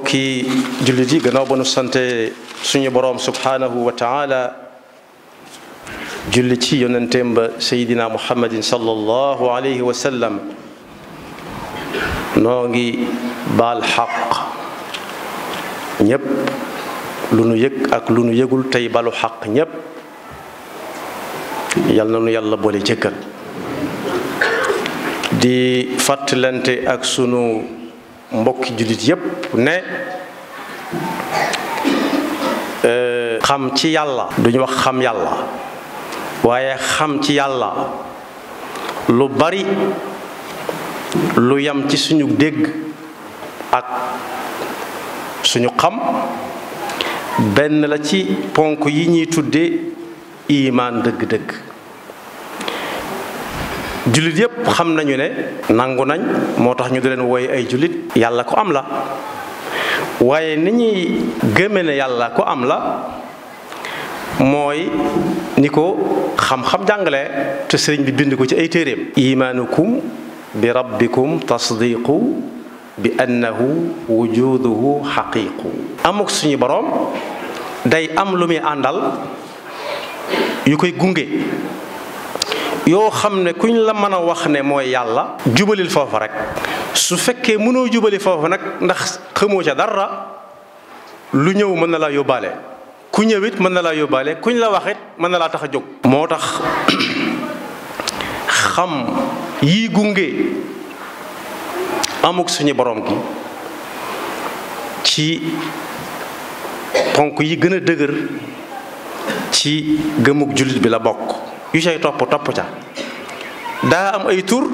mbokki jullit yi gannaaw ba nu sante suñu boroom subhaanahu wa taala julli ci yonenteem ba sayidina muhammadin sallallahu alayhi wa sallam noo ngi baal xaq ñépp lu nu yëg ak lu nu yëgul tey balu xaq ñépp yal na nu yàlla boole jëkkal di fàttalante ak sunu mbokki jullit yépp ne euh, xam ci yàlla duñu wax xam yàlla waaye xam ci yàlla lu bari lu yam ci suñu dégg ak suñu xam benn la ci ponk yi ñuy tudde imaan dëgg-dëgg jullit yépp xam nañu ne nangu nañ moo tax ñu di leen woy ay jullit yàlla ko am la waaye ni ñuy gémme ne yàlla ko am la mooy ni ko xam-xam jàngale te sëriñ bi bind ko ci ay téeréem imaanukum bi rabbikum tasdiqu bi annahu wujuduhu xaqiiqu amuk suñu boroom day am lu muy àndal yu koy gunge yoo xam ne kuñ la mën a wax ne mooy yàlla jubalil foofa rek su fekkee mënoo jubali foofa nag ndax xëmoo ca dara lu ñëw mën na laa yóbbaale ku ñëwit it mën na laa yóbbaale kuñ la wax it mën na laa tax a jóg moo tax xam yi gunge amuk suñu borom gi ci ponk yi gën a dëgër ci gëmu jullit bi la bokk yu say topp topp ca daa am ay tur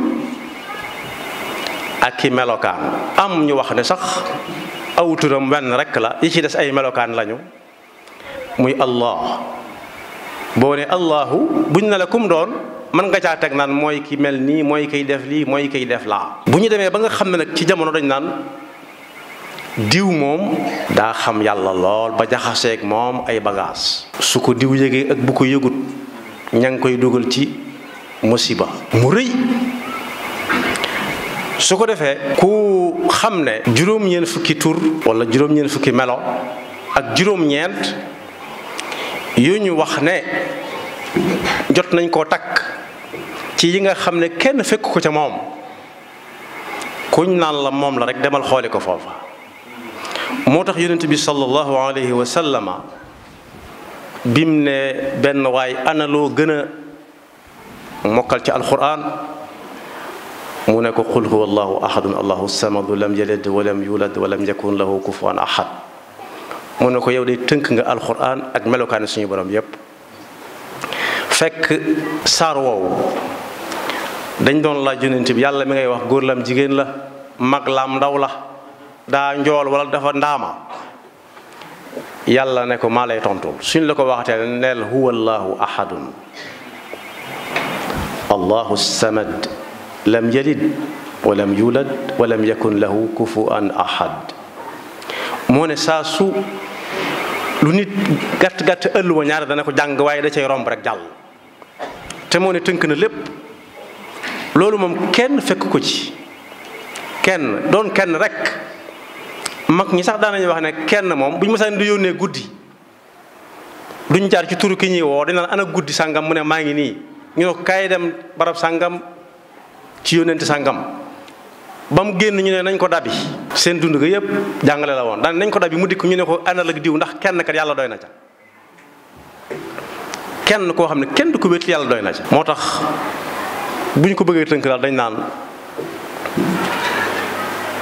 ak i melokaan am ñu wax ne sax aw turam wenn rekk la yi ci des ay melokaan lañu muy allah boo ne allahu buñ ne la doon mën nga caa teg naan mooy ki mel nii mooy kay def lii mooy kay def laa bu ñu demee ba nga xam ne nag ci jamono dañ naan diw moom daa xam yàlla lool ba jaxaseeg moom ay bagaas su ko diw yëgee ak bu ko yëgut ña ngi koy dugal ci musiba mu rëy su ko defee ku xam ne juróom-ñeent fukki tur wala juróom-ñeent fukki melo ak juróom-ñeent yu ñu wax ne jot nañ koo takk ci yi nga xam ne kenn fekk ko ca moom kuñ naan la moom la rek demal xooli ko foofa moo tax yonent bi sallallahu alayhi wa sallama bim ne benn waay ana loo gën a mokkal ci alquran mu ne ko qul huwa allahu ahadun allahu samadu lam yalid walam yulad walam yakun lahu kufuwan ahad mu ne ko yow de tënk nga alquran ak melokaani suñu borom yépp fekk saar woowu dañ doon laaj yonent bi yàlla mi ngay wax góor lam jigéen la mag lam ndaw la daa njool wala dafa ndaama yàlla ne ko maa lay tontul suñ la ko waxatee neel huwa allahu ahadun allahu samad lam yalid walam yulad walam yakun lahu kufuan ahad moo ne saa su lu nit gàtt-gàtt ëlluwa ñaar dana ko jàng waaye da cay romb rek jàll te moo ne tënk na lépp loolu moom kenn fekk ko ci kenn doon kenn rek mag ñi sax daanañu wax ne kenn moom bu ñu mësaan di yónnee guddi duñ jaar ci turu ki ñuy woo dina ana guddi sàngam mu ne maa ngi nii ñu ne kaay dem barab sàngam ci yónnenti sàngam ba mu génn ñu ne nañ ko dabi seen dund ga yëpp jàngale la woon daan nañ ko dabi mu dikk ñu ne ko àndal ak diw ndax kenn kat yàlla doy na ca kenn koo xam ne kenn du ko wéet yàlla doy na ca moo tax bu ñu ko bëggee tënk laal dañ naan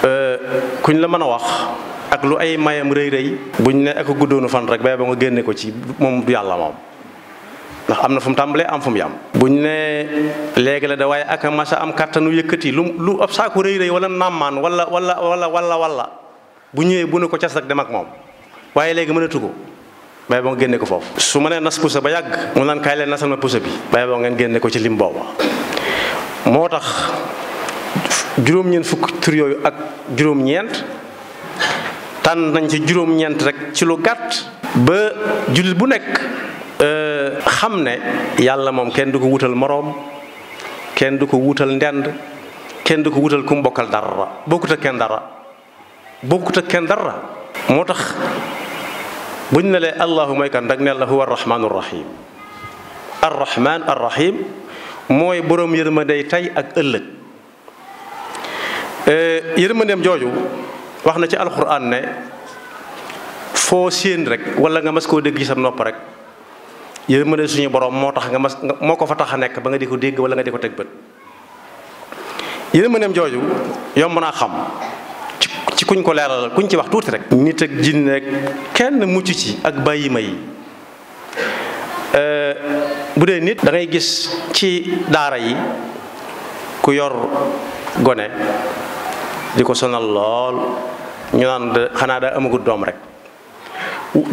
Euh, kuñ la mën a wax ak lu ay mayam rëy rëy buñ ne ak guddoonu fan rek bay ba nga génne ko ci moom du yàlla moom ndax am na fu mu tàmbalee am fu mu yam buñ ne léegi la de waaye ak masa am kàttanu yëkkati lu lu ab saako rëy rëy wala nàmmaan wala wala wala wala wala bu ñëwee bu ne ko cas rek dem ak moom waaye léegi mënatu ko bay boo nga génne ko foofu su ma nee nas pusa ba yàgg mu naan kaay leen nasal ma pusa bi bay boo ngeen génne ko ci lim booba moo tax juróom-ñeent fukk tur yooyu ak juróom-ñeent tànn nañ ci juróom-ñeent rek ci lu gàtt ba jullit bu nekk euh, xam ne yàlla moom kenn du ko wutal moroom kenn du ko wutal ndend kenn du ko wutal ku mu bokkal dara bokkut ak kenn dara bokkut ak kenn dara moo tax buñ ne lee allahu mooy kan dag ne la huwa arrahmaanu rahim arrahmaan arrahim mooy borom yërmande tey ak ëllëg Eh, yërmandeem jooju wax na ci alxuraan ne foo séen rek wala nga mas koo dégg ci sa nopp rek yërmande suñu borom moo tax nga mas moo ko fa tax a nekk ba nga di ko dégg wala nga di ko teg bët yërmandeem jooju yomb naa xam ci kuñ ko leeral kuñ ci wax tuuti rek. nit ak jinne kenn mucc ci ak bàyyi ma yi eh, bu dee nit. dangay gis ci daara yi ku yor. gone di ko sonal lool ñu naan xanaa daa amagut doom rek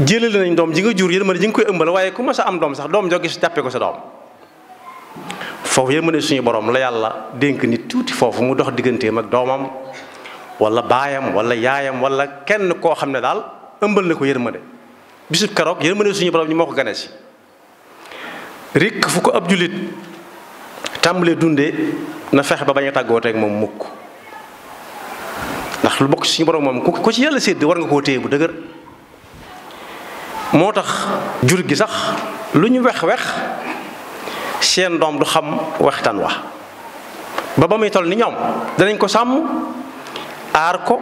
jëlale nañ doom ji nga jur yërmande ji nga koy ëmbal waaye ku ma sa am doom sax doom joo gis jàppee ko sa doom foofu yërmande suñu borom la yàlla dénk ni tuuti foofu mu dox digganteem ak doomam wala baayam walla yaayam wala kenn koo xam ne daal ëmbal na ko yërmande bisub keroog yërmande suñu borom ñi moo ko gane si rikk fu ko ab julit tàmbalee dundee na fexe ba bañ a tàggoo tàggooteeg moom mukk ndax lu bokk suñu borom moom ku ci yàlla sedd war nga koo téye bu dëgër moo tax jur gi sax lu ñu wex wex seen doom du xam waxtaan wa ba ba muy toll ni ñoom danañ ko sàmm aar ko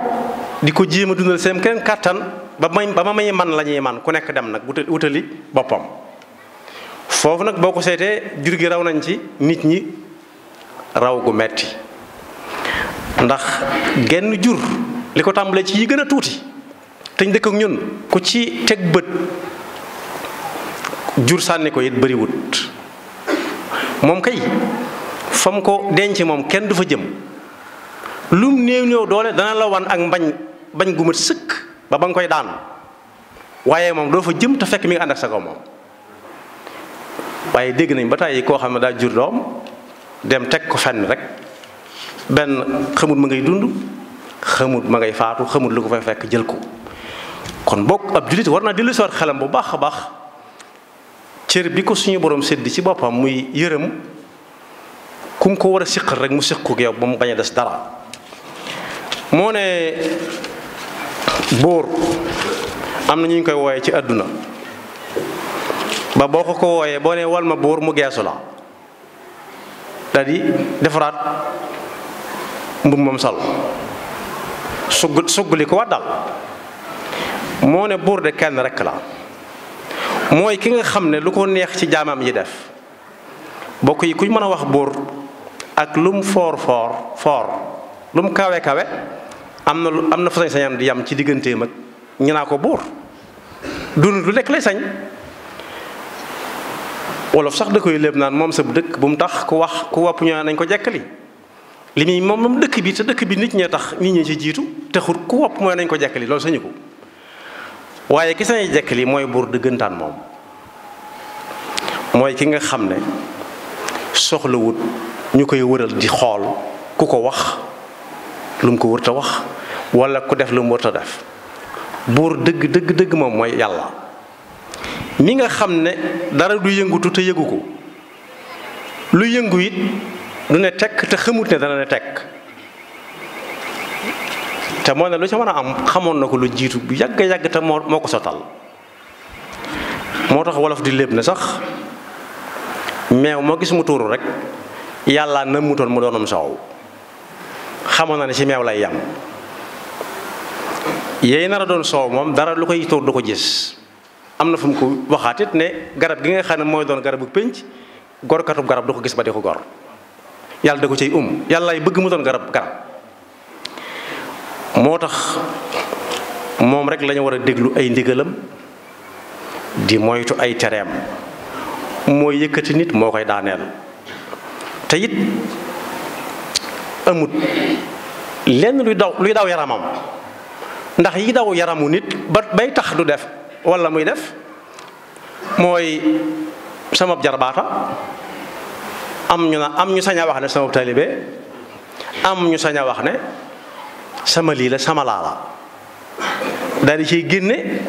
di ko jéem a dundal seen keneen kàttan ba may ba ma may man la ñuy man ku nekk dem nag wutali boppam foofu nag boo ko seetee jur gi raw nañ ci nit ñi raw gu metti ndax genn jur li ko tàmbalee ci yi gën a tuuti te ñu dëkk ak ñun ku ci teg bët jur sànni ko it bariwut moom kay fam ko denc moom kenn du fa jëm lum néew néew doole dana la wan ak mbañ bañ gu mat sëkk ba ba nga koy daan waaye moom doo fa jëm te fekk mi nga ànd sa kaw moom waaye dégg nañ ba tàyyi koo xam ne daa jur doom dem teg ko fenn rek benn xamut ma ngay dund xamut ma ngay faatu xamut lu ko fay fekk jël ko kon bokk ab jullit war naa dellu si xelam bu baax a baax cër bi ko suñu borom sedd ci boppam muy yërëm ku mu ko war a siqal rek mu siq ko yow ba mu bañ a des dara moo ne buur am na ñu ñu koy wooyee ci àdduna ba boo ko ko wooyee boo ne wal ma buur mu geesu la daal di defaraat mbubb moom sol sugg suggali ko waat daal moo ne buur de kenn rekk la mooy ki nga xam ne lu ko neex ci jaamam yi def bokk yi kuñ mën a wax buur ak lum foor foor foor lum kawe kawe am na lu am na fa sañ-sañam di yam ci digganteem ak ñu naa ko buur dund lu lekk lay sañ wolof sax da koy léeb naan moom sab dëkk bu mu tax ku wax ku wàpp ñaa nañ ko jekkali li muy moom moom dëkk bi te dëkk bi nit ñee tax nit ñi ci jiitu taxul ku wàpp mooy nañ ko jekkali loolu sañu ko waaye ki sañuy li mooy buur dëggantaan moom mooy ki nga xam ne soxlawut ñu koy wëral di xool ku ko wax lu mu ko wërta wax walla ku def lu mu wërta def buur dëgg dëgg dëgg moom mooy yàlla mi nga xam ne dara du yëngutu te yëgu ko lu yëngu it du ne tekk te xamut ne dana ne tekk te moo ne lu ca mën a am xamoon na ko lu jiitu bu yàgg yàgg te moo moo ko sotal moo tax wolof di léeb na sax meew moo gis mu tuuru rek yàlla na mutoon mu doonam soow xamoon na ne ci meew lay yam yéen nar a doon soow moom dara lu koy tuur du ko gis am na fu mu ko waxaatit ne garab gi nga xam mooy doon garabu pénc gorkatub garab du ko gis ba di ko gor yàlla de ko ciy um yàllaay bëgg mu doon garab garab moo tax moom rek lañu war a déglu ay ndigalam di moytu ay tereem mooy yëkkati nit moo koy daaneel te it amut lenn luy daw luy daw yaramam ndax yi daw yaramu nit ba bay tax du def wala muy def mooy sama jarbaata am ñu na am ñu saña wax ne sama taalibe am ñu sañ a wax ne sama lii la sama laa la daal di ci génne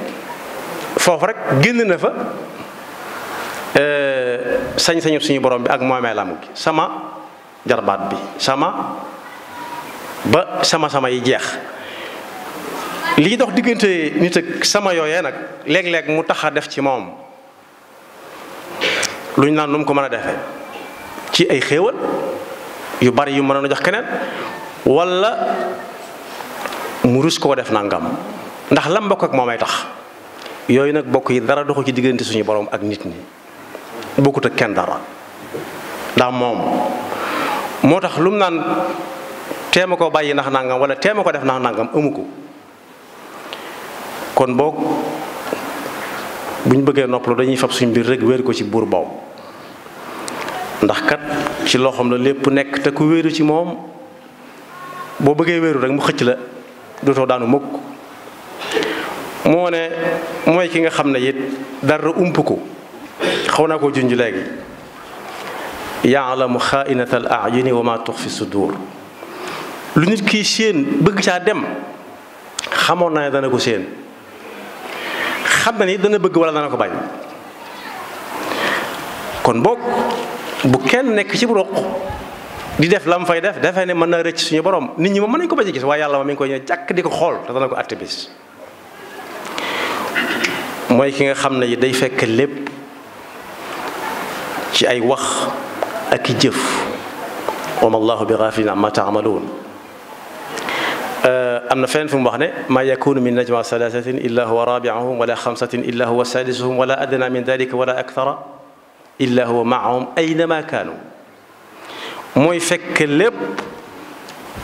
foofu rek génn na fa euh, sañ-sañu suñu borom bi ak moomeelam gi sama jarbaat bi sama ba sama sama yi jeex li dox diggante nit ak sama yooyee nag léeg-léeg mu tax a def ci moom luñ naan nu ko mën a defee ci ay xéewal yu bari yu mënoon a jox keneen wala mu rus koo def nangam ndax lam bokk ak moomay tax yooyu nag bokk yi dara doxu ci diggante suñu borom ak nit ñi bokkut ak kenn dara ndax moom moo tax lu mu naan teema ko bàyyi ndax nangam wala teema ko def ndax nangam amu ko. kon boog bu ñu bëggee noppalu dañuy fab suñ mbir rek wéeru ko ci buur boobu ndax kat ci loxoom la lépp nekk te ku wéeru ci moom boo bëggee wéeru rek mu xëcc la dootoo daanu mukk moo ne mooy ki nga xam ne it dara ump ko xaw naa ko junj léegi yaalamu xaainata al ayuni wa ma tux fi sudur lu nit kii séen bëgg caa dem xamoon naa ne dana ko séen xam ne ni dana bëgg wala dana ko bañ kon boog bu kenn nekk ci bu roq di def lam fay def dafay ne mën naa rëcc suñu borom nit ñi moom mën nañu ko bañ a gis waaye yàlla ma mi ngi koy ñëw di ko xool te dana ki nga xam ne yi day fekk lépp ci ay wax ak i jëf wama allahu bi gaafilin amma taamaluun am na feneen fu mu wax ne ma yakunu min najma salaasatin illa huwa rabiahum wala xamsatin illa huwa saadisuhum wala adna min dalika wala fekk lépp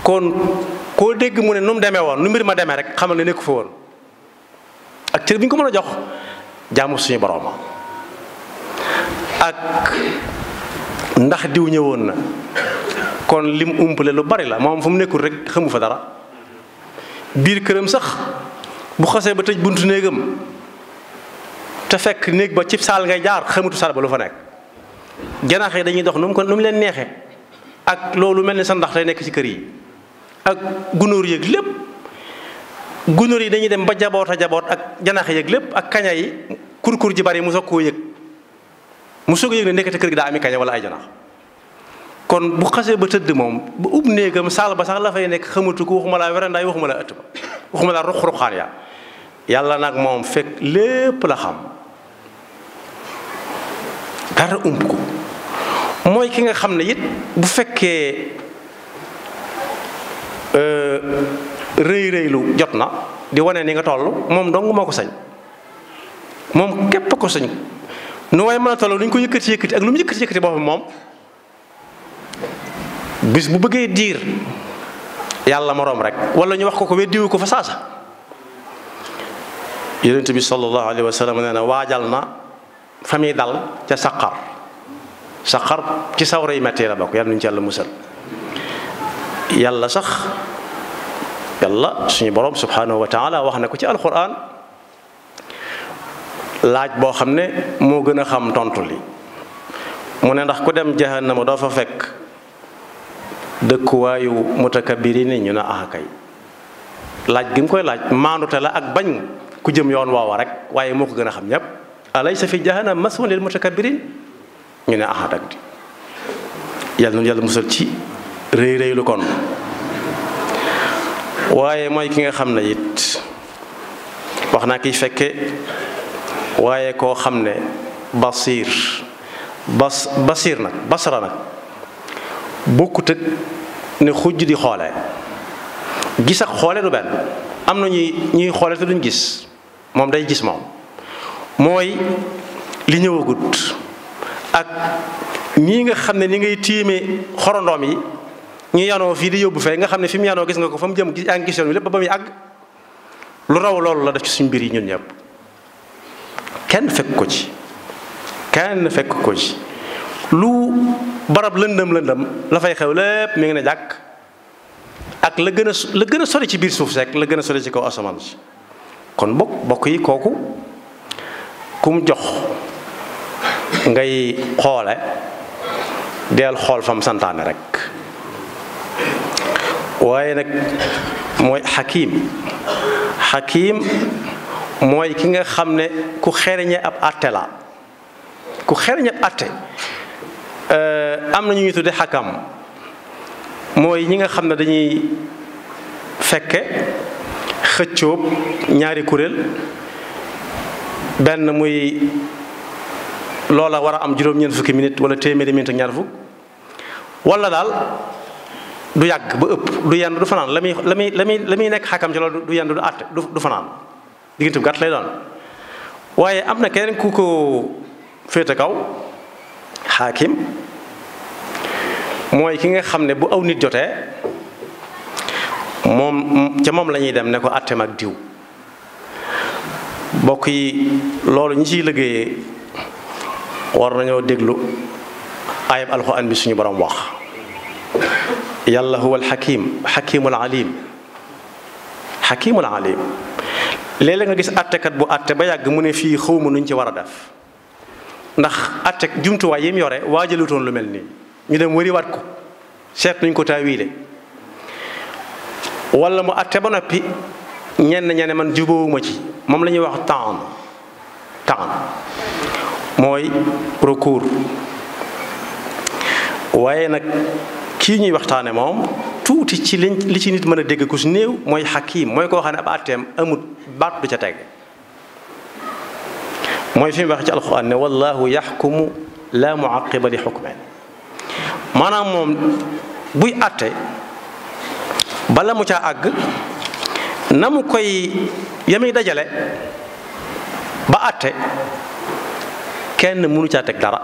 kon dégg mu ne nu mu demee woon nu mbir ma demee rek xamal ne nekku fa woon ak cër bi ko mën a jox jaamu suñu borooma ak ndax diw ñëwoon na kon lim umpule lu bari la moom fu mu nekkul rek xamu fa dara biir këram sax bu xasee ba tëj bunt néegam te fekk néeg ba cib saal ngay jaar xamatu saal ba lu fa nekk janax yi dañuy dox nu mu ko nu mu leen neexee ak loolu mel ni sa ndax lay nekk ci kër yi ak gunóor yëg lépp gunóor yi dañuy dem ba jaboot jaboot ak janax yëg lépp ak kaña yi kurkur ji bari mu soog koo yëg mu soog a yëg ne nekkati kër gi daa ami kaña wala ay janax kon bu xasee ba tëdd moom ba ub néegam saal ba sax la fay nekk xamatu ko waxuma laa werandaay waxuma laa ëtt ba waxuma laa ruq-ruqaan ya yàlla nag moom fekk lépp la xam dara ump ko mooy ki nga xam ne it bu fekkee euh, rëy rëylu jot na di wane ni nga toll moom dong moo ko sañ moom képp ko sañ nu waaye mën a toll lu ñu ko yëkkati yëkkati ak lu mu yëkkati yëkkati boppam moom bis bu bëggee diir yàlla moroom rek walla ñu wax ko ko weddiwu ko fa saasa yonent bi sallallahu alayhi wa sallam na waajal na fa muy dal ca saqar saqar ci sawara yi metti la bokk yàlla nañu ci yàlla musal yàlla sax yàlla suñu boroom subhanahu wa taala wax na ko ci alquran laaj boo xam ne moo gën a xam tontu li mu ne ndax ku dem jahannama doo fa fekk dëkkuwaayu mutakabiri ne ñu ne ah laaj gi mu koy laaj maandute la ak bañ ku jëm yoon woowa rek waaye moo ko gën a xam ñëpp alaysa fi jahannam masun lil mutakabirin ñu ne ah dag di yàlla na yàlla musal ci rëy rëy kon waaye mooy ki nga xam ne it wax naa kiy fekke waaye koo xam ne basiir bas basiir nag basra nag boo ak ne xujj di xoole gis ak xoole du benn am na ñuy ñuy xoole te duñ gis moom day gis moom mooy li ñëwagut ak ñii nga xam ne ni ngay tiime xorondoom yi ñu yanoo fii di yóbbu fee nga xam ne fi mu yanoo gis nga ko fa mu jëm gis yaa ngi gis yoon wi lépp ba muy àgg lu raw loolu la def ci suñ mbir yi ñun ñëpp kenn fekk ko ci kenn fekk ko ci lu barab lëndëm lëndëm la fay xew lépp mi ngi ne jàkk ak la gën a la gën a sori ci biir suuf sek la gën a sori ci kaw asamaan kon bokk bokk yi kooku kum jox ngay xoole deel xool fam santaane rek waaye nag mooy xakim xakim mooy ki nga xam ne ku xereñe ab àtte la ku xereñe ab àtte am na ñu ñu tudde xakam mooy ñi nga xam ne dañuy fekke xëccoob ñaari kuréel benn muy loola war a am juróom-ñeent fukki minit wala téeméeri minute ak wala daal du yàgg ba ëpp du yenn du fanaan la muy la muy la muy la muy nekk xakam ci loolu du yenn du àtte du fanaan diggante bu gàtt lay doon waaye am na keneen ku ko féete kaw xaakim mooy ki nga xam ne bu aw nit jotee moom ca lañuy dem ne ko àtteem ak diw bokk yi loolu ñi ciy liggéeyee war nañoo déglu ayab alxuraan bi suñu borom wax yàlla huwa alxakim xakimul alim xakimul alim léeg-léeg nga gis àttekat bu àtte ba yàgg mu ne fii xawma nuñ ci war a def ndax àtte jumtuwaay yi mu yore waajalutoon lu mel nii ñu dem wëriwaat ko seet nuñ ko taawiile wala mu atte ba noppi ñenn ñene man jubóowuma ci moom lañuy wax temps temps mooy recours waaye nag kii ñuy waxtaane moom tuuti ci li ci nit mën a dégg ku su néew mooy xakiim mooy koo xam ne ab atteem amut baat ca teg mooy fi mu wax ci alxuraan ne wallahu yaxkumu la muaqiba li xukmen maanaam moom buy àtte bala mu caa àgg na mu koy yamuy dajale ba àtte kenn mënu caa teg dara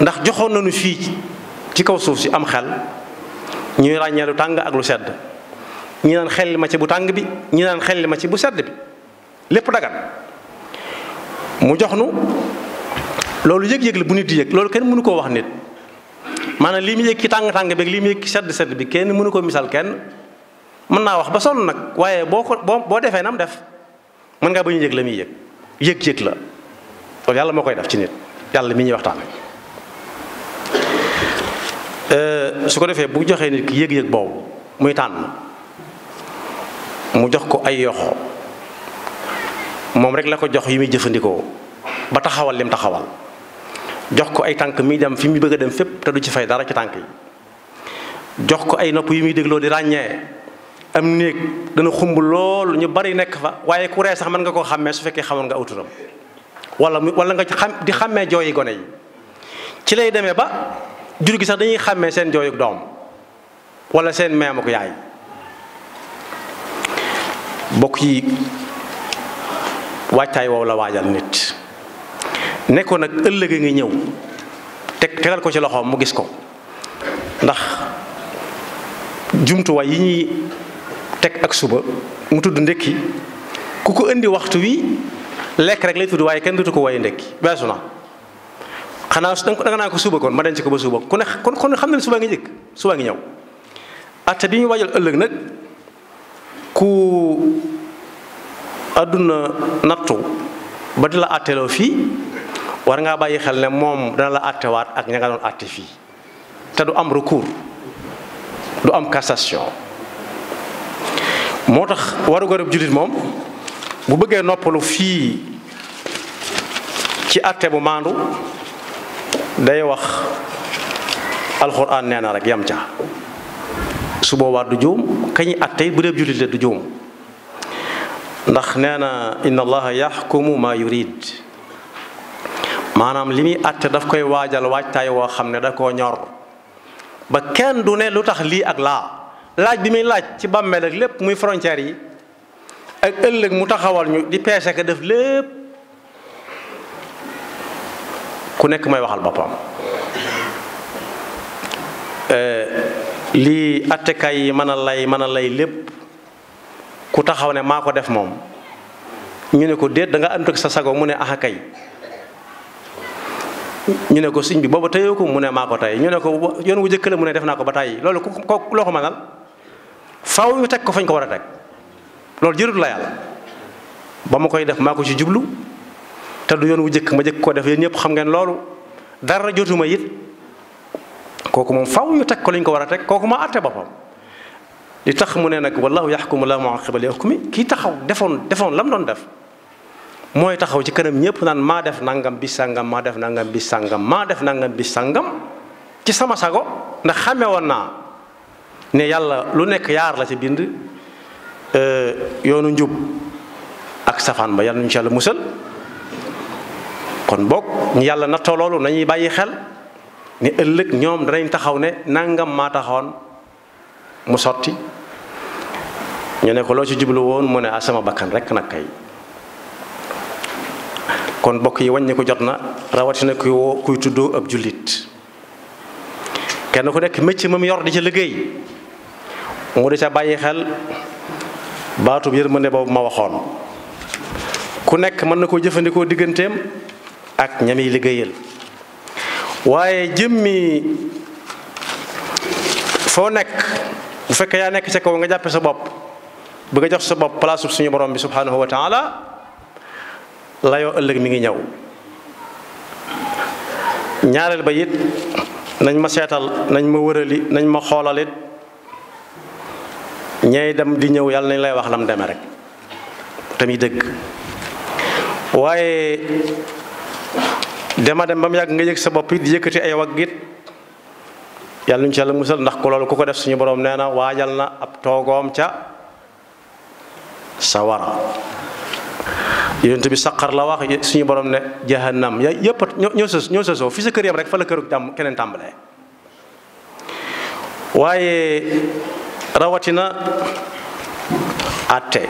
ndax joxoon nañu fii ci kaw suuf si am xel ñuy ràññeeru tàng ak lu sedd ñi naan xel ma ci bu tàng bi ñi naan xel ma ci bu sedd bi lépp dagan mu jox nu loolu yëg-yëg la bu nit di yëg loolu kenn mënu koo wax nit maanaam lii mu yëg ci tàng-tàng bi lii mu yëg ci sedd-sedd bi kenn mënu ko misal kenn mën naa wax ba sol nag waaye boo ko boo boo defee nam def mën ba ñu yëg la muy yëg yëg la yàlla moo koy def ci nit yàlla mi ñuy waxtaane su ko defee bu joxee nit ki yëg boobu muy tànn mu jox ko ay yox moom rek la ko jox yi muy jëfandikoo ba taxawal lim taxawal jox ko ay tànk muy dem fi mu bëgg a dem fépp te du ci fay dara ci tànk yi jox ko ay nopp yi muy dégloo di ràññee am néeg dana xumb lool ñu bari nekk fa waaye ku ree sax mën nga koo xàmmee su fekkee xamoon nga awturam wala wala nga xam di xàmmee jooyi gone yi ci lay demee ba jur gi sax dañuy xàmmee seen jooyu doom wala seen meem yaay bokk yi waajtaay woow la waajal nit nekkoon ko nag ëllëg a ngi ñëw teg tegal ko ci loxoom mu gis ko ndax jumtuwaay yi ñuy teg ak suba mu tudd ndekki ku ko indi waxtu wi lekk rek lay tudd waaye kenn dutu ko waaye ndekki beesu na xanaa danga naa ko suba kon ma denc ko ba suba ku ne kon kon xam ne suba ngi njëkk suba ngi ñëw atte bi ñu waajal ëllëg nag ku àdduna nattu ba di la àtteeloo fii war ngaa bàyyi xel ne moom dana la àttewaat ak ña nga doon àtte fii te du am recours du am cassation moo tax waru garab jullit moom bu bëggee noppalu fii ci àtte bu maandu day wax alxuraan nee na rek yam ca su boobaa du juum kañi àtte bu dee jullit la du juum ndax nee na inna yaxkumu ma yurid maanaam li muy àtte daf koy waajal waajtaay woo xam ne da koo ñor ba kenn du ne lu tax lii ak laa laaj bi muy laaj ci bàmmeel ak lépp muy frontières yi ak ëllëg mu taxawal ñu di peese ka def lépp ku nekk may waxal boppam eh, lii attekaay yi mën a lay mën a lay lépp ku taxaw ne maa ko def moom ñu ne ko déet da nga ànd sa sago mu ne ax ah kay ñu ne ko sëñ bi booba teyoo ko mu ne maa ko tey ñu ne ko yoon wu jëkk la mu ne def naa ko ba tey loolu ku ko loo ko mënal faaw ñu teg ko fañ ko war a teg loolu jërut ba ma koy def maa ko ci jublu te du yoon wu jëkk ma jëkk ko def ñëpp xam ngeen loolu dara jotuma it kooku moom faw ñu teg ko lañ ko war a teg kooku maa àtte boppam li tax mu ne nag wallahu yaxkumu la muaqiba li hukmi kii taxaw defoon defoon lam doon def mooy taxaw ci kanam ñëpp naan maa def nangam bi sangam maa def nangam bi sangam maa def nangam bi sangam ci sama sago ndax xame woon naa ne yàlla lu nekk yaar la ci bind euh, yoonu njub ak safaan ba yàlla ñu ci yàlla musal kon boog yàlla na loolu nañuy bàyyi xel ne ëllëg ñoom danañ taxaw ne nangam maa taxoon mu sotti ñu ne loo ci jublu woon mu ne a ah, sama bakkan rek nag kay kon bokk yi wàññi ko jot na rawatina kuy kuy tuddoo ab jullit kenn ku nekk mécc ma yor di ca liggéey mu di ca bàyyi xel baatub yërmande boobu ma waxoon ku nekk mën na koo jëfandikoo digganteem ak ñamiy liggéeyal waaye jëmmi foo nekk bu fekkee yaa nekk ca kaw nga jàppe sa bopp bëgg a jox sa bopp palaasu suñu borom bi subhanahu wa taala layoo ëllëg mi ngi ñëw ñaareel ba it nañ ma seetal nañ ma wërali nañ ma xoolalit ñay dem di ñëw yàlla nañ lay wax lam deme rek tamit dëgg waaye dema dem ba mu yàgg nga yëg sa bopp it di yëkkati ay wagg it yàlla ñu ci yàlla musal ndax ku loolu ku ko def suñu boroom nee na waajal na ab toogoom ca sawara yonent bi saqar la wax suñu borom ne jahannam ya yëpp ñoo sës ñoo sësoo fi sa kër yam rek fa la këru tàmm keneen tàmbalee waaye rawatina àtte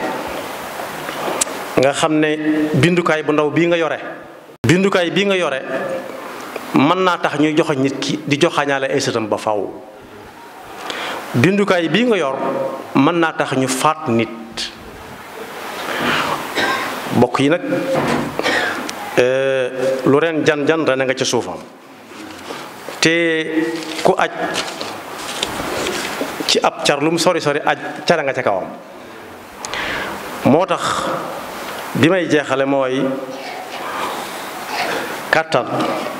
nga xam ne bindukaay bu ndaw bii nga yore bindukaay bii nga yore mën naa tax ñuy joxe nit ki di joxañaale ay sëtam ba faw bindukaay bii nga yor mën naa tax ñu faat nit mbokk yi nag euh, lu ren jan jan ren a nga ca suufam te ku aj ci ab car lu mu sori sori aj cara nga ca kawam moo tax bi may jeexale mooy kàttan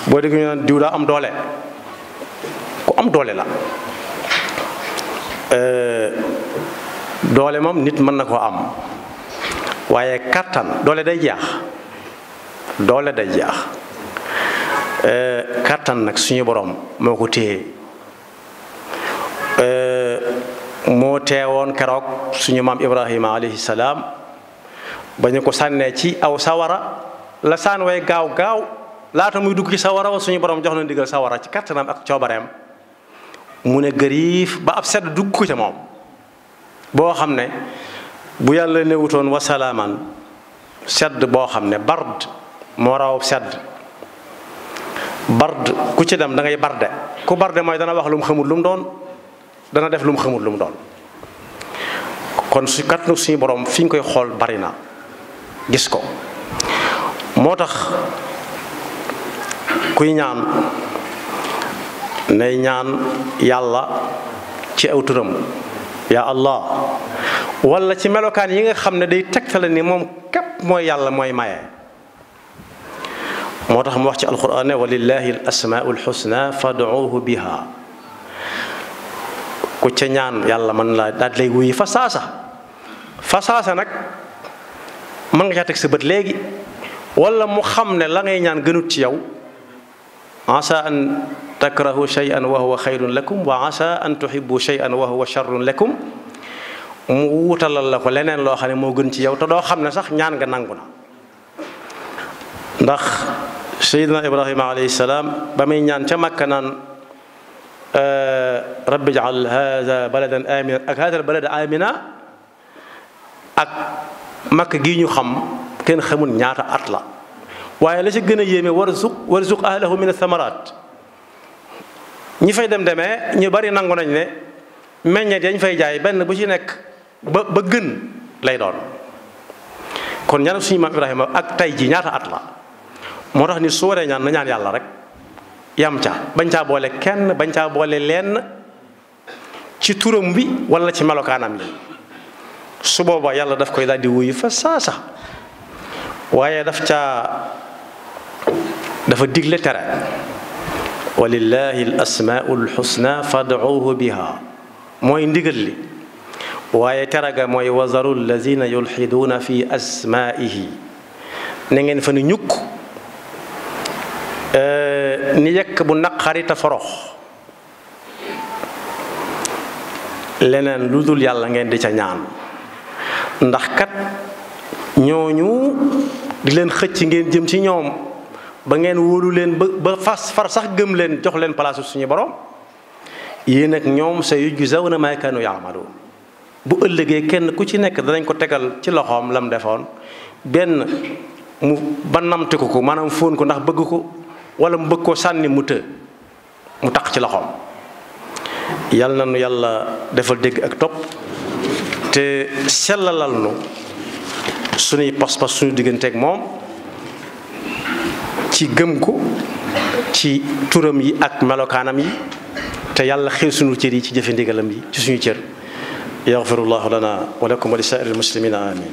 boo dégg ñu naan daa am doole ku am doole la euh, doole moom nit mën na koo am waaye kattan doole day jaax doole day jaax euh, kattan nag suñu borom moo ko téye euh, moo teewoon keroog suñu maam Ibrahima alayhi salaam ba ñu ko sànnee ci aw sawara la saan way gaaw gaaw laata muy dugg ci sawara wa suñu borom jox na ndigal sawara ci kattanam ak coobareem mu ne gëriif ba ab sedd dugg ko ca moom boo xam ne. bu yàlla newutoon wasalaaman sedd boo xam ne bard moo raw sedd bard ku ci dem da ngay barde ku barde mooy dana wax lu mu xamul lu doon dana def lum mu xamul lu doon kon su kat suñu boroom fi ñu koy xool bari na gis ko moo tax kuy ñaan nay ñaan yàlla ci aw turam yaa allah wala ci melokaan yi nga xam ne day tegtale ni moom képp mooy yàlla mooy maye moo tax mu wax ci alquran ne walillahi al asmaul xusna ca ñaan yàlla mën laa daal fa saasa fa nag mën ngi caa teg sa bët léegi wala mu xam ne la ngay ñaan gënut ci yow asa takrahu shay'an wa huwa xayrun lakum wa asa an tuhibbu shay'an lakum leneen loo xam ne moo gën ci yow te doo xam ne sax ñaan nga nangu na ndax seydina ibrahima alayhi ba muy ñaan ca makka naan rabbi jaal hada baladan amina ak makka gi ñu xam kenn xamul ñaata at la waaye la ci gën a warzuq warzuq ahlahu min athamarat ñi fay dem demee ñu bari nangu nañ ne meññeet yañ fay jaay benn bu ci nekk ba ba gën lay doon kon ñaanal suñu maam Ibrahima ak tey ji ñaata at la moo tax ni su waree ñaan na ñaan yàlla rek yam ca bañ caa boole kenn bañ caa boole lenn ci turam bi wala ci melokaanam yi su boobaa yàlla daf koy daal di wuyu fa saasa waaye daf caa dafa digle tere walillahi al asmaul xusna fad'uuhu biha mooy ndigal li waaye teraga mooy wazaru lazina yulxiduuna fi asmaihi na ngeen fa ni ñukk ni yekk bu naqari te forox leneen lu dul yàlla ngeen di ca ñaan ndax kat ñooñu di leen xëcc ngeen jëm ci ñoom ba ngeen wóolu leen ba ba fas far sax gëm leen jox leen place suñu borom yéen ak ñoom sa yujzawna maa kaanu yaamalu bu ëllëgee kenn ku ci nekk danañ ko tegal ci loxoom lam defoon benn mu ba namtiku ko maanaam foon ko ndax bëgg ko wala mu bëgg koo sànni mu të mu tax ci loxoom yal na nu yàlla defal dégg ak topp te sellalal nu suñuy pas-pas suñu digganteeg moom ci gëm ko ci turam yi ak melokaanam yi te yàlla xew sunu cër yi ci jëfe ndigalam yi ci suñu cër yaxfirullahu lana wa lakum wa li saa'iril muslimina amin